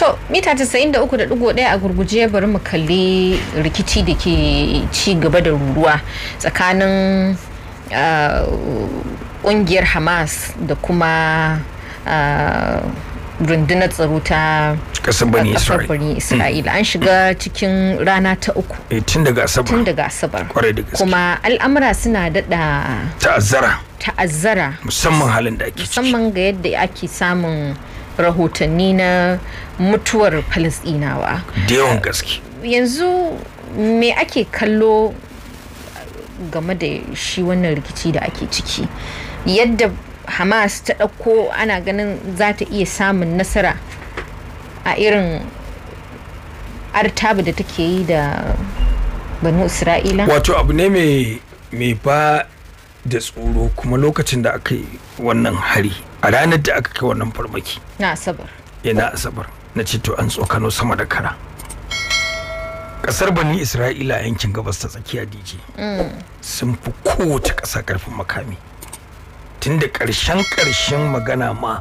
To mita 93.1 a gurguje bari mu kalli rikici da ke ci gaba da ruruwa tsakanin kungiyar ah, Hamas da kuma ah, rundunar tsaro ta kasar bani isra'ila hmm. an shiga cikin rana ta uku eh, tun daga asabar tun daga asabar kuma al'amura suna dada ta'azzara ta'azzara musamman halin da ake musamman ga yadda ake samun rahotanni na mutuwar falasdinawa da yawan gaske yanzu me ake kallo game da shi wannan rikici da ake ciki yadda hamas ta ɗauko ana ganin za ta iya samun nasara a irin artabu da take yi da banu isra'ila wato abu ne mai ba da tsoro kuma lokacin da aka yi wannan hari a ranar da aka kai wannan farmaki na asabar ina eh, asabar na ce to an tsokano sama da kara kasar bani isra'ila yankin gabas ta tsakiya dj mm. sun fi kowace ƙasa karfin makami tun da ƙarshen ƙarshen magana ma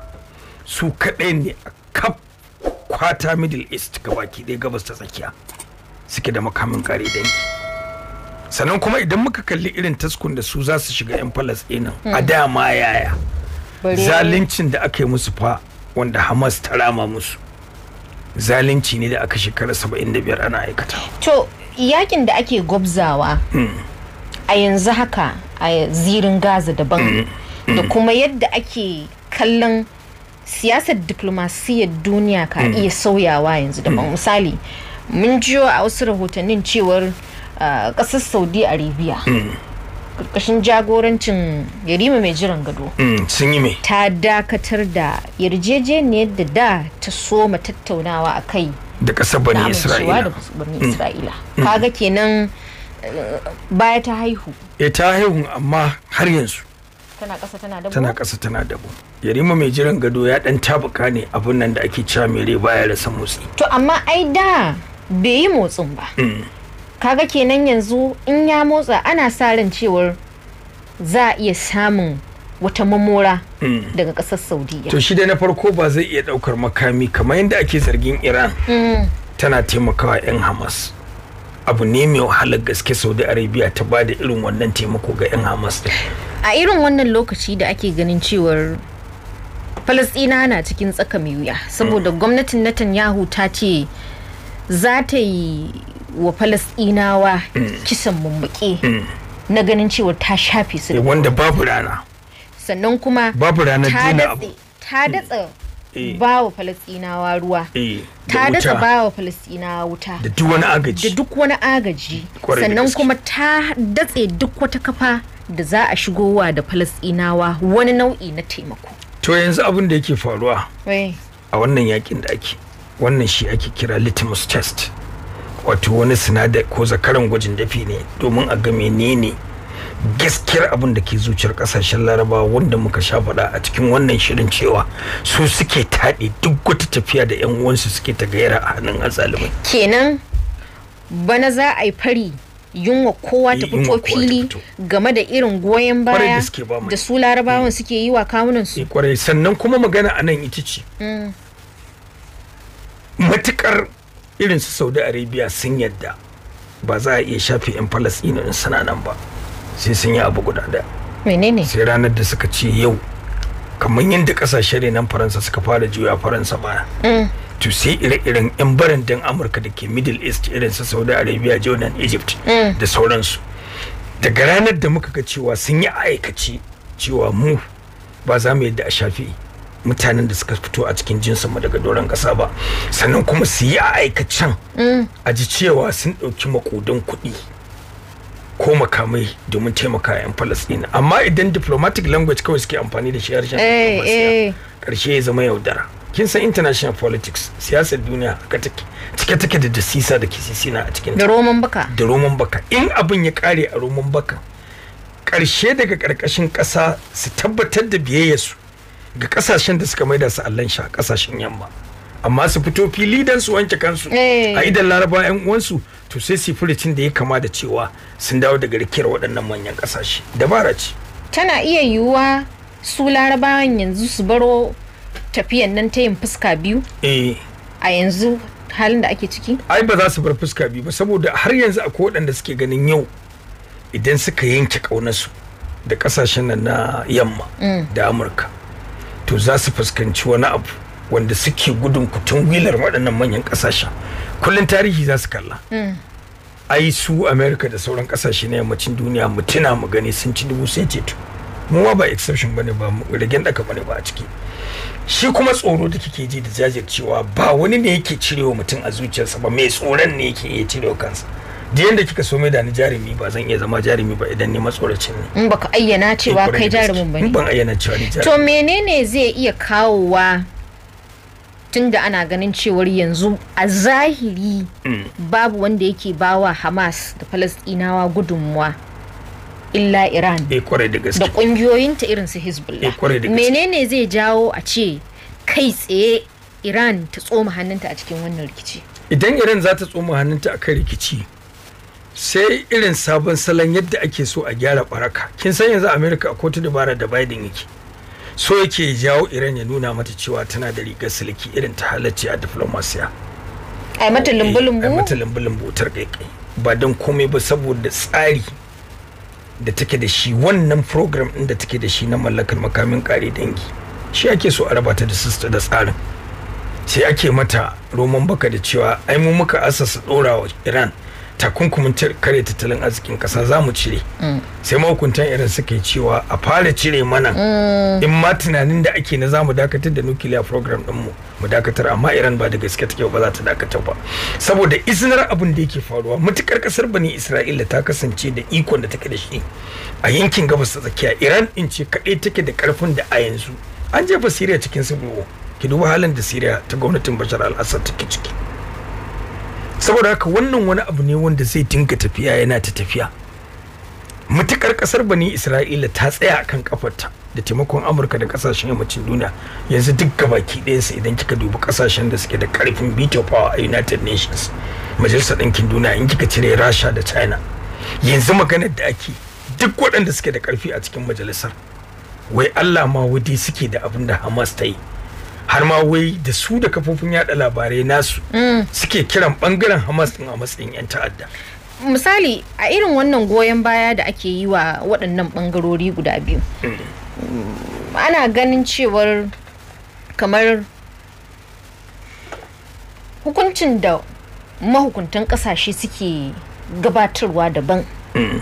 su kaɗai ne a kaf kwata middle east gabaki ɗaya gabas ta tsakiya suke da makamin kare dangi sannan kuma idan muka kalli irin taskun da su za su shiga 'yan falasɗinin a mm. da ma yaya zalincin da aka yi musu fa wanda hamas ta rama musu zalinci ne da aka shekara 75 ana aikata to yakin da ake gwabzawa hmm. a yanzu haka a zirin gaza daban hmm. Hmm. da kuma yadda ake kallon siyasar diplomasiyyar duniya ka iya sauyawa yanzu daban misali mun jiyo a wasu rahotannin cewar kasar uh, saudi arabia karkashin jagorancin yarima mai jiran gado mm, sun yi mai ta dakatar da yarjejeniyar da da ta soma tattaunawa a kai da kasar bani isra'ila da mm. isra'ila mm. kaga kenan eh, baya ta haihu e ta haihu amma har yanzu tana ƙasa tana dabo tana tana dabo yarima mai jiran gado ya dan tabuka ne abun nan da ake cewa mere baya rasa motsi to amma ai da bai yi motsin ba mm. kaga kenan yanzu in ya motsa ana sa ran cewar za a iya samun wata mamora hmm. daga kasar saudiya to shi da na farko ba zai iya daukar makami kamar yadda ake zargin iran hmm. tana taimakawa 'yan hamas abu ne mai wahalar gaske saudi arabia ta ba da irin wannan taimako ga 'yan hamas a irin wannan lokaci da ake ganin cewar falastina na cikin tsaka mai wuya saboda hmm. gwamnatin netanyahu ta ce za ta yi wa falasɗinawa kisan mummuke na ganin cewa ta shafe su da wanda babu rana sannan kuma babu rana jina ta datsa eh. ba wa falasɗinawa ruwa eh. ta datsa ba wa falasɗinawa wuta da duk wani agaji da duk wani agaji sannan kuma ta datse duk wata kafa da za a shigowa da falasɗinawa wani nau'i na taimako to yanzu abin da yake faruwa a wannan yakin da ake wannan shi ake kira litmus test wato wani sinadar ko zakaran gwajin dafi ne domin a ga menene gaskiyar abin da ke zuciyar kasashen larabawa wanda muka sha faɗa a cikin wannan shirin cewa su suke taɗe duk wata tafiya da yan uwansu suke ta gayyara a hannun azalumai kenan bana za a yi fari yunwa kowa ta fito fili game da irin goyon baya da su larabawan mm. suke yi wa kawunan su eh, sannan kuma magana a nan ita ce mm. matukar irin su saudi arabia sun yadda ba za a iya shafe 'yan falasɗinu in suna nan ba sai sun yi abu guda da menene sai ranar da suka ce yau kamar yadda kasashe nan faransa suka fara juya faransa ba mm. to sai ire-iren 'yan din amurka da ke middle east irin su saudi arabia jordan egypt mm. da sauransu daga ranar da muka ga cewa sun yi aikaci cewa mu ba za mu yadda a shafe. mutanen da suka fito a cikin jinsin mu daga doron kasa ba sannan kuma su yi a aikacen mm. a ji cewa sun ɗauki makudin kuɗi ko makamai domin taimaka 'yan falasɗina amma idan diplomatic language kawai suke amfani da shi harshen karshe eh, eh. ya zama yaudara kin san international politics siyasar duniya haka take cike take da dasisa da kisisina a cikin da roman baka da roman baka in abin ya kare a roman baka karshe daga karkashin kasa su tabbatar da biyayyarsu ga kasashen da suka maida su allan sha kasashen yamma amma su fito fili dan su wanke kansu eh. a idan laraba yan uwansu to sai su da ya kama da cewa sun dawo daga rikiyar waɗannan manyan kasashe dabara ce tana iya yiwuwa su larabawan yanzu su baro tafiyan nan ta yin fuska biyu eh. a yanzu halin da ake ciki ai ba za su bar fuska biyu ba saboda har yanzu akwai waɗanda suke ganin yau idan suka yanke ƙaunarsu da ƙasashen nan na yamma mm. da amurka to za su fuskanci wani abu wanda suke gudun kutun wilar waɗannan manyan ƙasashen kullum tarihi za su kalla mm. ai su america da sauran ƙasashe na yammacin duniya mutuna mu gani sun ci dubu sai ceto mu ba exception bane ba ragen daka bane ba a ciki shi kuma tsoro da kike ji da jajircewa ba wani ne yake cirewa mutum a zuciyarsa ba mai tsoron ne yake iya cirewa kansa da yanda kika so mai da ni jarumi ba zan iya zama jarumi ba idan ni matsoracin ne in baka ayyana eh, cewa kai jarumin bane ban ayyana cewa ni jarumi to menene zai iya kawowa da ana ganin cewar yanzu a zahiri mm. babu wanda yake bawa Hamas da Falastinawa gudunmuwa illa Iran eh, da ta irin su Hezbollah eh, menene zai jawo a ce kai tsaye Iran ta tsoma hannunta a cikin wannan rikici idan Iran za ta tsoma hannunta a kan rikici sai irin sabon salon yadda ake so a gyara baraka kin san yanzu america a kotu dabara da biden yake so yake jawo iran ya nuna mata cewa tana da rigar siliki irin ta halarci a diplomasiya a eh, mata lumbu-lumbu mata lumbu-lumbu tar kai ba don komai ba saboda tsari da take da shi wannan program ɗin da take da shi na mallakar makamin kare dangi shi ake so a rabata da sista da tsarin sai ake mata roman baka da cewa ai mu muka asasa wa iran takunkumin kare tattalin arzikin kasa za mu cire mm. sai mahukuntan irin suka yi cewa a fara cire mana mm. in ma tunanin da ake na za mu dakatar da nukiliya program dinmu mu dakatar amma iran ba da gaske take ba za ta dakatar ba saboda izinar abin da yake faruwa matukar kasar bani isra'ila ta kasance da ikon da take da shi a yankin gabas ta tsakiya iran in ce kaɗai take da karfin da a yanzu an jefa siriya cikin civil ki duba halin da siriya ta gwamnatin bashar al-assad take ciki saboda haka wannan wani abu ne wanda zai dinga tafiya yana ta tafiya matukar kasar bani isra'ila ta tsaya a kan kafarta da taimakon amurka da kasashen yammacin duniya yanzu duk gabaki ɗayansa idan kika dubi kasashen da suke da karfin veto power a united nations majalisar ɗinkin duniya in kika cire rasha da china yanzu maganar da ake duk waɗanda suke da karfi a cikin majalisar wai allah ma wudi suke da abin da hamas ta yi har ma wai da su da kafofin yada labarai nasu mm. suke kiran bangaren hamas din a matsayin 'yan ta'adda misali a irin wannan goyon baya da ake yi wa waɗannan bangarori guda biyu mm. ana ganin cewar kamar hukuncin da mahukuntan ƙasashe suke gabatarwa daban mm.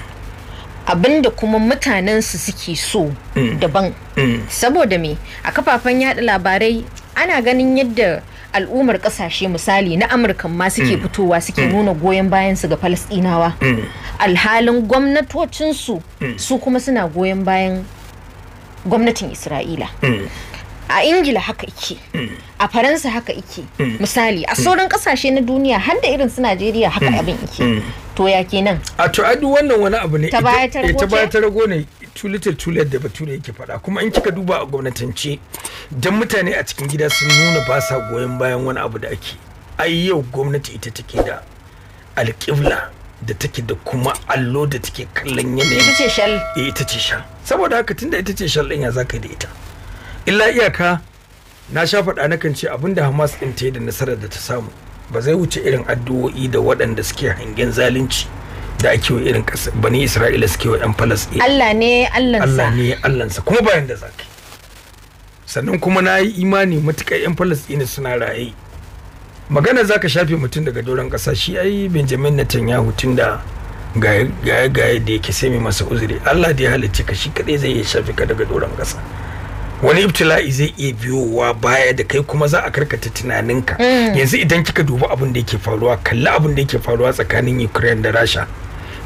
abinda kuma mutanensu suke so daban saboda me a kafafen yada labarai ana ganin yadda al'ummar kasashe misali na amurka ma suke mm. fitowa suke mm. nuna goyon bayan su ga falasdinawa mm. alhalin gwamnatocinsu su kuma suna goyon bayan gwamnatin isra'ila a ingila haka ike a faransa haka ike misali a sauran kasashe na duniya har da irin su najeriya haka abin ike to ya kenan a to duk wannan wani abu ne ta baya eh, ta rago ne too little too late da bature yake faɗa kuma in kika duba a gwamnatance dan mutane a cikin gida sun nuna ba sa goyon bayan wani abu da ake ai yau gwamnati ita take da alƙibla da take da kuma allo da take kallon yanayi ita ce shal eh, ita ce shal saboda haka tunda ita ce shal din ya zaka da ita illa iyaka na sha faɗa nakan ce abinda Hamas din ta yi da nasarar da ta samu ba zai wuce irin addu'o'i da waɗanda suke hangen zalunci da ake wa irin ƙasa bani isra'ila suke wa 'yan falasɗin allah ne Allahnsa allah ne Allahnsa kuma bayan da zaka sannan kuma na yi imani matuƙar 'yan falasɗin suna raye magana zaka shafe mutum daga doron kasa. shi ai benjamin netanyahu tun da gaya gaya da yake sai mai masa uzuri allah da ya halicci ka shi kaɗai zai iya shafe ka daga doron ƙasa wani iftila'i zai iya biyowa baya da kai kuma za a karkata tunaninka mm. yanzu idan kika dubi abin da yake faruwa kalli abin da yake faruwa tsakanin ukraine da rasha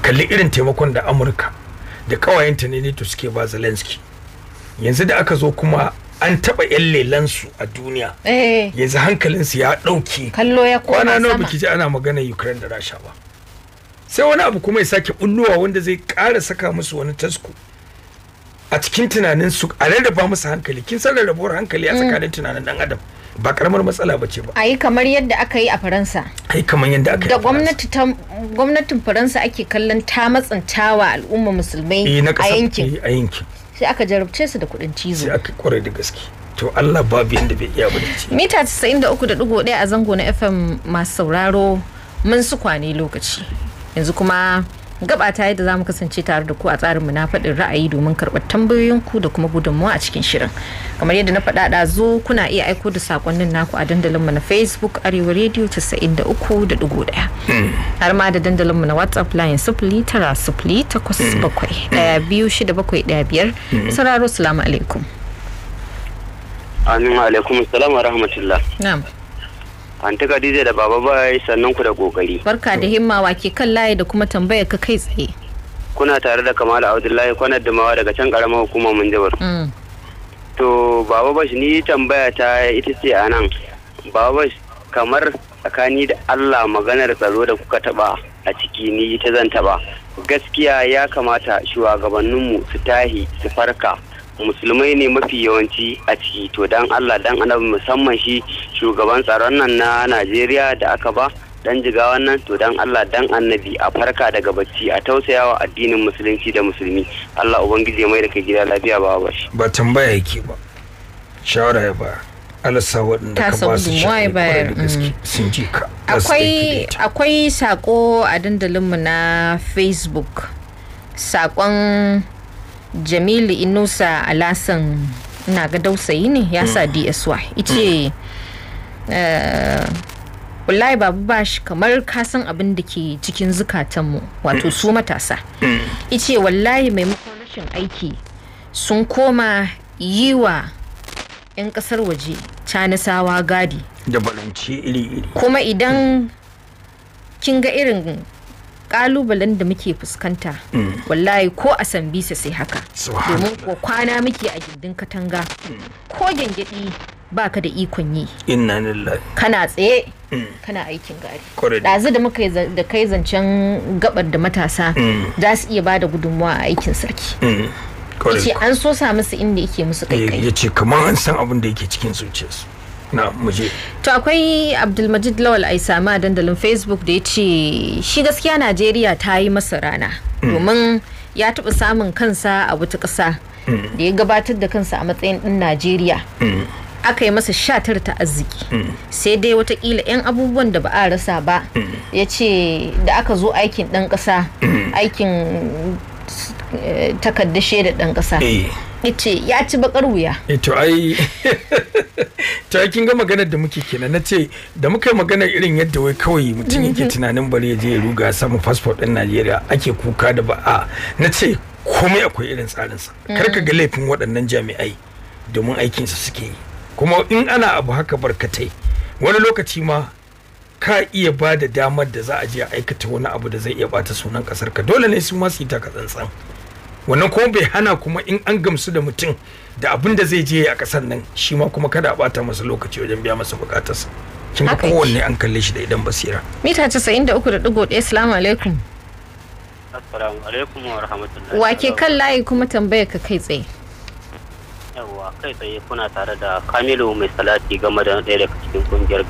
kalli irin taimakon da amurka da kawayenta ne ne to suke ba zelensky yanzu da aka zo kuma an taba yan lelansu a duniya eh. yanzu hankalinsu ya dauke kallo kwana nawa biki ji ana magana ukraine da rasha ba sai wani abu kuma ya sake bullowa wanda zai kara saka musu wani tasko a cikin tunanin su a rarraba musu hankali kin san rarrabuwar hankali a mm. tsakanin tunanin dan adam ba karamar matsala ba ce ba a yi kamar yadda aka yi a faransa a yi kamar yadda aka yi a faransa. da gwamnatin faransa ake kallon ta matsantawa al'umma musulmai eh, a yankin eh, a yankin sai aka jarabce su da kuɗin cizo sai aka kware da gaske to Allah babu yadda bai iya bane ce mita 93.1 a zango na FM masu sauraro mun su kwane lokaci yanzu kuma gaba ta yadda za mu kasance tare da ku a tsarin mu na faɗin ra'ayi domin karɓar tambayoyinku da kuma gudunmuwa a cikin shirin kamar yadda na faɗa da zo kuna iya aiko da sakonnin naku a dandalin mu na facebook arewa radio 93.1 har ma da dandalin mu na whatsapp line sifili tara sifili takwas bakwai ɗaya biyu shida bakwai ɗaya biyar sauraro salamu alaikum. Amin alaikum salam wa rahmatullah. Na'am. Anta Khadija da Baba Bai sannan ku da kokari. Barka da himma wake kan layi da kuma tambayar ka kai tsaye. Kuna tare da Kamal Abdullahi kwanar Dumawa daga can karamar hukumar Minjibir. Mm. To Baba Bash ni tambaya ta ita ce a nan. Baba Bash kamar tsakani da Allah maganar tsaro da kuka taba a ciki ni ta zan taba. Gaskiya ya kamata shugabanninmu su tahi su farka musulmai ne mafi yawanci a ciki to dan Allah dan annabi musamman shi shugaban tsaron nan na Najeriya da aka ba dan jiga wannan to dan Allah dan annabi a farka daga bacci a tausayawa addinin musulunci da musulmi Allah ubangije mai da kai gida lafiya ba ba shi ba tambaya yake ba shawara ya ba alasa waɗanda ka ba su mm. sun ji ka akwai sako a dandalinmu na facebook sakon jamilu inusa alasan na ga dausayi ne ya sa mm. dsy mm. ice eh, wallahi babu bashi kamar kasan abin da ke cikin zukatanmu wato mm. su matasa ice wallahi maimakon rashin aiki sun koma yi wa 'yan kasar waje canisawa gadi da balance iri-iri kuma idan kin ga irin kalubalen da muke fuskanta wallahi ko a sambisa sai haka domin ko kwana muke a gindin katanga ko gyangyaɗi baka da ikon yi inna lillahi kana tsaye mm. kana aikin gari ɗazu da muka da kai zancen gabar da matasa mm. za su iya bada gudunmawa a aikin sarki mm. yace an so sa musu inda yake musu kai eh, kai yace kamar an san abin da yake cikin zuciyarsu to akwai abdulmajid lawal aisama a dandalin facebook da ya ce shi gaskiya najeriya ta yi masa rana mm. domin ya taɓa samun kansa a wata ƙasa mm. da ya gabatar da kansa a matsayin ɗin najeriya mm. aka yi masa sha tara ta arziki sai dai watakila 'yan abubuwan da ba a rasa ba ya ce da aka zo aikin ɗan ƙasa aikin eh, takaddashe da ɗan ƙasa eh. ce ya ci bakar wuya eh, to ai ta kin ga maganar da muke kenan na ce da muka yi maganar irin yadda wai kawai mutum yake mm-hmm. tunanin bari ya je ya ruga samun fasfot ɗin najeriya ake kuka da ba a na ce komai akwai irin tsarinsa mm. kar ka ga laifin waɗannan jami'ai domin aikinsa suke yi kuma in ana abu haka barkatai wani lokaci ma ka iya ba da damar da za a je aikata wani abu da zai iya bata sunan kasar ka dole ne su ma su yi taka tsantsan wannan kuma bai hana kuma in an gamsu da mutum da abin da zai je a kasar nan shi ma kuma kada a bata masa lokaci wajen biya masa bukatarsa kin ga kowanne an kalle shi da idan basira mita 93.1 assalamu alaikum assalamu alaikum wa wa ke kan layi kuma tambaya ka kai tsaye yawa kai tsaye kuna tare da kamilu mai salati game da ɗaya daga cikin kungiyar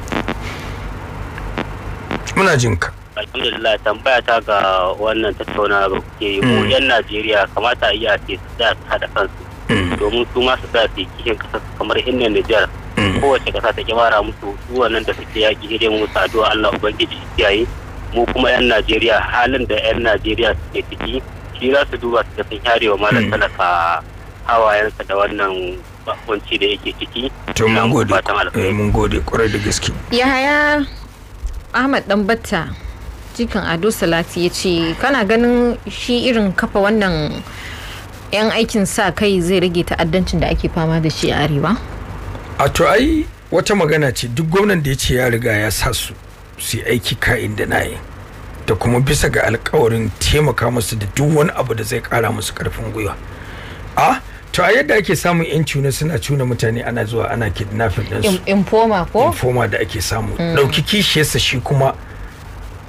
muna jinka alhamdulillah tambaya ta ga wannan tattauna da kuke yi ko hmm. yan najeriya kamata a yi a ce su tsaya su haɗa kansu hmm. domin su ma su tsaya su yi kishin kamar inda nijar hmm. kowace kasa ta kimara musu su wannan da suke yaƙi hidai mu addu'a allah ubangiji kiyaye mu kuma yan najeriya halin da yan najeriya suke ciki shi za su duba su ga sun wa malam talaka hawayensa da wannan bakunci da yake ciki. To mun gode, kwarai eh, da gaske. Yahaya Ahmad Dambatta. jikin ado salati ya ce kana ganin shi irin kafa wannan 'yan aikin sa kai zai rage ta'addancin da ake fama da shi a arewa a to ai wata magana ce duk gwamnan da ya ce ya riga ya sa su su aiki aiki kayan da yi da kuma bisa ga alkawarin taimaka musu da duk wani abu da zai kara musu karfin gwiwa a to a yadda ake samun yan cuna suna cuna mutane ana zuwa ana kidnapping ɗinsu informa ko informa da ake samu ɗauki kishiyarsa shi kuma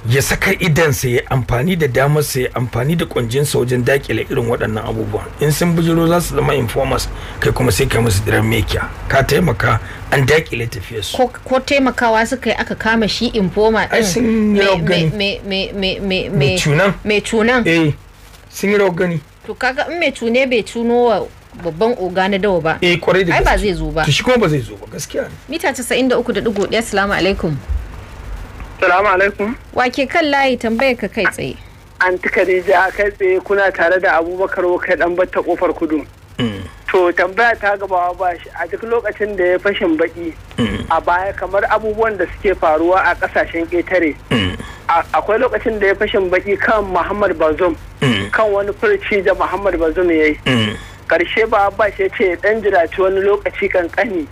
ya saka idansa ya amfani da damarsa ya amfani da sa wajen dakile irin waɗannan abubuwan in sun bujiro za su zama informers kai kuma sai kai musu diran mekiya ka taimaka an dakile su. ko taimakawa suka yi aka kama shi informer din mai cunan mai cunan eh sun yi gani to kaga in mai cune bai cuno wa babban oga na dawa ba eh kwarai da ai ba zai zo ba to shi kuma ba zai zo ba gaskiya mita 93.1 assalamu alaikum Assalamu alaikum. Wake kan layi tambayar ka kai tsaye. An Khadija a kai tsaye kuna tare da Abubakar kai dan batta kofar kudu. Hmm. To tambaya ta gaba ba shi a duk lokacin da ya fashin baki hmm. a baya kamar abubuwan da suke faruwa a kasashen ƙetare. Hmm. Akwai lokacin da ya fashin baki kan Muhammad Bazoum kan wani furci da Muhammad Bazoum ya yi. Karshe ba ba shi ya ce dan jiraci wani lokaci kankani.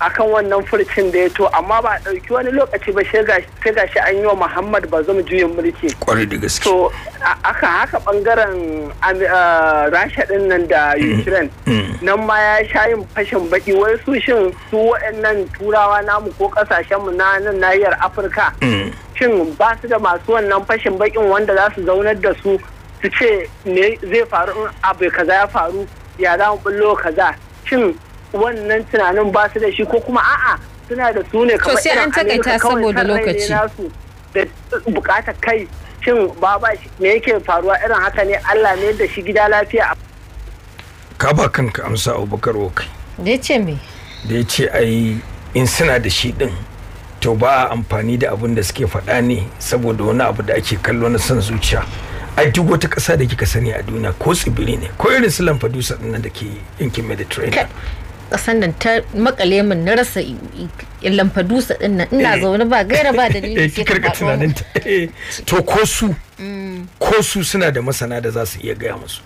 akan wannan furcin da ya to amma ba ɗauki wani lokaci ba sai ga gashi an yi wa muhammad zama juyin mulki kwarai da gaske to aka haka bangaren eh, rasha din nan da mm, ukraine mm. nan ma ya sha yin fashin baki wai su shin su waɗannan turawa namu ko kasashen mu na nan nahiyar afirka mm. shin ba su da masu wannan fashin bakin wanda za su zaunar da su su ce me zai faru in abu kaza ya faru ya za mu bullo kaza shin wannan tunanin ba su da shi ko kuma a'a suna da su ne kamar irin an saboda lokaci da bukatar kai shin ba ba yake faruwa irin haka ne Allah ne da shi gida lafiya ka ba kanka amsa Abubakar kai. da yace me da ce ai in suna da shi din to ba amfani da abin da suke faɗa ne saboda wani abu da ake kallo na son zuciya a duk wata ƙasa da kika sani a duniya ko tsibiri ne ko irin su lamfadusa ɗin da ke yankin mediterranean kasan nan ta makale min na rasa lamfadusa din nan ina eh. zaune ba gaira ba dalili eh, sai ka tunanin ta eh, to ko su mm. ko su suna da masana da za su iya gaya musu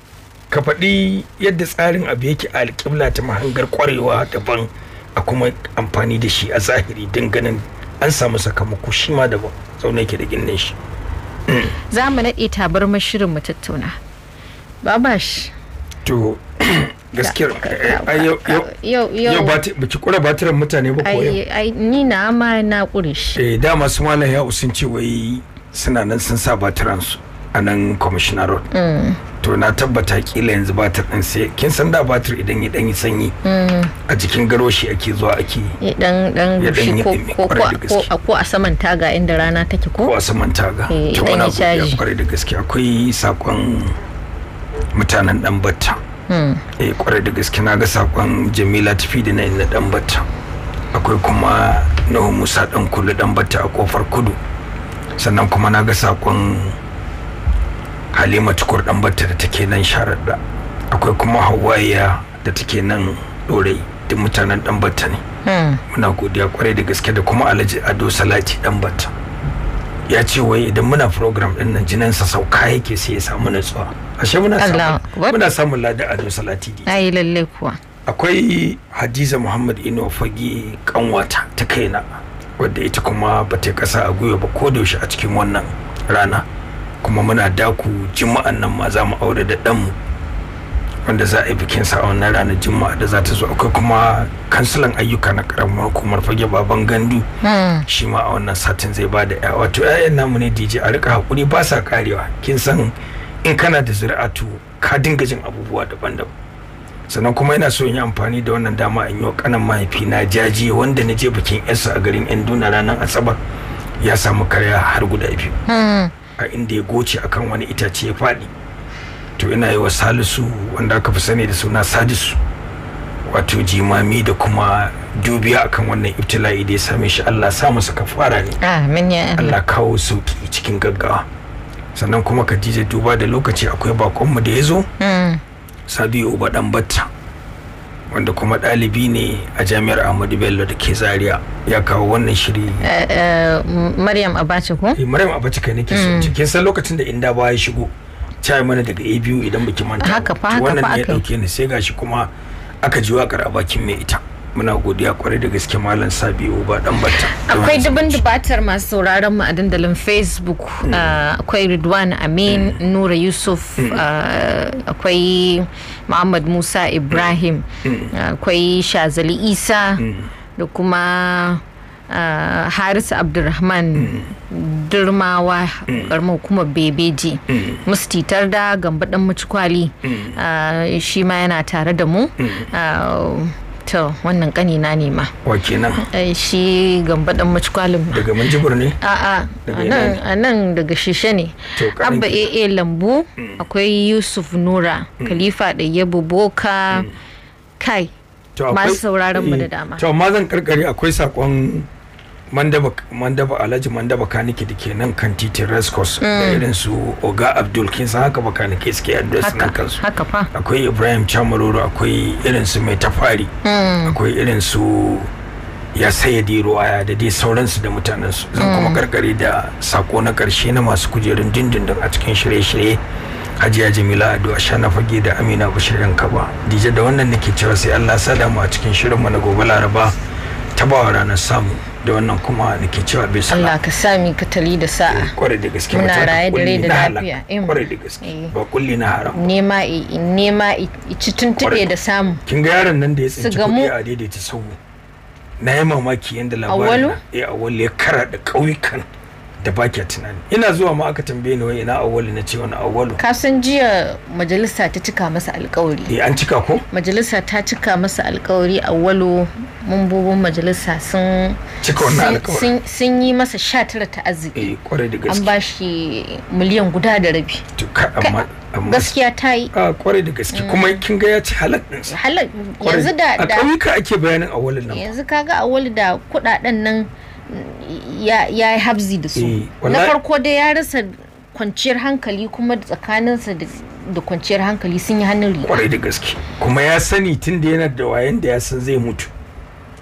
ka faɗi yadda tsarin abu yake a alƙibla ta mahangar ƙwarewa daban a kuma amfani da shi a zahiri don ganin an samu sakamako shi ma daban zaune ke da ginin shi mm. za mu naɗe tabar mashirin mu tattauna shi to gaskiyar eh, yau ba ki kura batiran mutane ba ko yau ni na ma na kure shi eh dama su malam ya usun ce wai suna nan sun sa batiran su a nan commissioner road mm. to na tabbata kila yanzu batir din sai kin san da batir idan ya dan yi sanyi mm. a jikin garoshi ake zuwa ake dan dan gushi ko ko a saman taga inda rana take ko ko a saman taga eh, to wannan ya kware da gaskiya akwai sakon mutanen dan batta Hmm. eh kwarai da gaske na ga sakon jamila tafi da na na dan batta akwai kuma na musa dan kullu dan bata a kofar kudu sannan kuma na ga sakon halima tukur dan batta da take nan sharadda akwai kuma hawaya da take nan dorai duk mutanen dan batta ne hmm. muna godiya kwarai da gaske da kuma alhaji ado salati dan bata. ya ce wai idan muna program din nan jinan sa sauka yake sai ya samu nutsuwa ashe muna samu muna samun ladan ado salati di ai lalle kuwa akwai hadiza muhammad ino fagi kanwata ta kaina wadda ita kuma ba ta kasa a gwiwa ba ko daushe a cikin wannan rana kuma muna daku juma'an nan ma za mu aure da mu. wanda za a yi bikin sa a wannan ranar juma'a da za ta zo akwai kuma kansilan ayyuka na karamar hukumar fage baban gandu hmm. shi ma a wannan satin zai ba da wato 'ya'yan namu ne dj a rika hakuri ba sa karewa kin san in kana da zuri'atu ka dinga jin abubuwa daban-daban sannan kuma yana so in yi amfani da wannan dama in yi wa kanan mahaifi na jaji wanda na je bikin yarsa a garin yan duna ranar asabar ya samu karya har guda biyu hmm. a inda ya goce akan wani itace ya faɗi to ina yi wa salisu wanda aka fi sani da suna sadisu wato jimami da kuma dubiya akan wannan ibtila'i da ya same shi Allah sa masa kafara ne amin Allah kawo sauki cikin gaggawa sannan kuma Khadija duba da lokaci akwai bakonmu da ya zo hmm. Sabiu Uba dan Batta wanda kuma ɗalibi ne a jami'ar Ahmadu Bello da ke Zariya ya kawo wannan shiri. Eh, eh, Maryam Abacha ko? Eh, Maryam Abacha kai nake so. Cikin hmm. san lokacin da inda ba ya shigo. caya mana daga a biyu idan baki manta haka fa haka fa ya dauke ni sai gashi kuma aka ji wakar a bakin mai ita muna godiya kwarai da gaske malam sabi ba dan batta akwai dubin dubatar masu sauraron mu a dandalin facebook mm. ah, akwai ridwan amin mm. nura yusuf mm. ah, akwai muhammad musa ibrahim akwai shazali isa da kuma Uh, ah, harisu abdulrahman mm. durmawa karamar mm. hukumar bebeji mm. mustitar da gambaɗin mucikwali uh, ah, shi ma yana tare da mu uh, to wannan kanina ne ma wa kenan eh, shi gambaɗin mucikwalin ma daga manjibur ne a a nan daga shishe ne abba aa lambu akwai yusuf nura khalifa da yabo boka mm. kai masu sauraron mu da eh, dama to amma zan karkare akwai sakon mandaba alhaji mandaba kaniki da ke nan kan titin rescos da mm. irin su oga abdul kin san haka bakanike suke address nan kansu akwai ibrahim chamaroro akwai irin su mai tafari mm. akwai irin su ya ruwaya da dai sauransu da mutanen su. zan kuma mm. karkare da sako na karshe na masu kujerun dindindin a cikin shirye-shirye hajiya jamila ado shana fage da amina bashir kaba. dije da wannan nake cewa sai allah sada mu a cikin shirinmu na gobe laraba ta bawa ranar samu da wannan kuma da ke cewa bai sana Allah ka sa mi ka tali da sa'a eh, kwarai da gaske muna raye da rai da lafiya kwarai da gaske eh. ba kulli na haram nema nema ci tuntube da samu kin ga yaron nan da ya tsinci kuɗi a daidaita sau na yi mamaki yadda labarin Eh awwalu ya kara da ƙauyukan da ba ke tunani ina zuwa ma aka tambaye ni wai ina awwalu na ce wani awwalu ka san jiya majalisa ta cika masa alkawari eh an cika ko majalisa ta cika masa alkawari awwalu mambobin majalisa sun cika wannan alƙawari. sun yi masa 19 ta arziki eh kwarai da gaske an ba shi miliyan guda da rabi to ka amma gaskiya ta yi a ah, kwarai da gaske mm. kuma kin ga ya ci halak din halak yanzu da a kauyuka ake bayanin awwalin nan yanzu kaga awwalu da kudaden nan ya yi habzi da su eh, na farko dai ya rasa kwanciyar hankali kuma tsakaninsa da kwanciyar hankali sun yi hannun riga kwarai da gaske kuma ya sani tun da yana da wayan da ya san zai mutu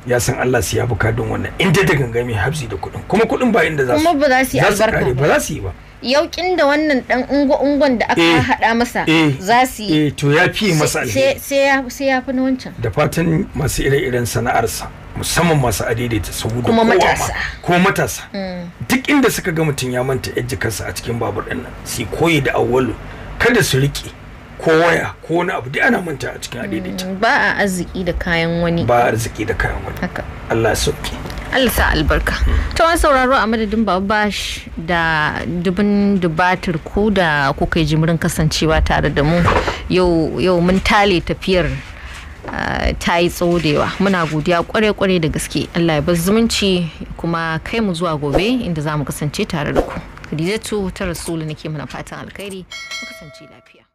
ya san Allah su ya buka don wannan in da gangami habsi da kuɗin kuma kuɗin ba inda za su kuma ba za su yi albarka ba za su yi ba yaukin da wannan dan ungo ungon da aka eh, haɗa masa eh, za su yi to ya fiye masa alheri sai ya fi na wancan da fatan masu ire-iren sana'arsa musamman masu adaidaita sahu kuma matasa kuma matasa mm. duk inda suka ga mutum ya manta yar a cikin babur din nan sai koyi da awwalu kada su riƙe ko waya ko wani abu dai ana manta a cikin adaidaita mm, ba a arziki da kayan wani ba a arziki da kayan wani haka Allah sauke Allah sa albarka mm. ta wani sauraro a madadin babash da dubin dubatar ku da kuka yi jimirin kasancewa tare da mu yau mun tale tafiyar ta yi tsawo da yawa muna godiya kware-kware da gaske allah ya zumunci kuma kai mu zuwa gobe inda za mu kasance tare da ku khadijatu ta rasulu nake mana fatan alkhairi mu kasance lafiya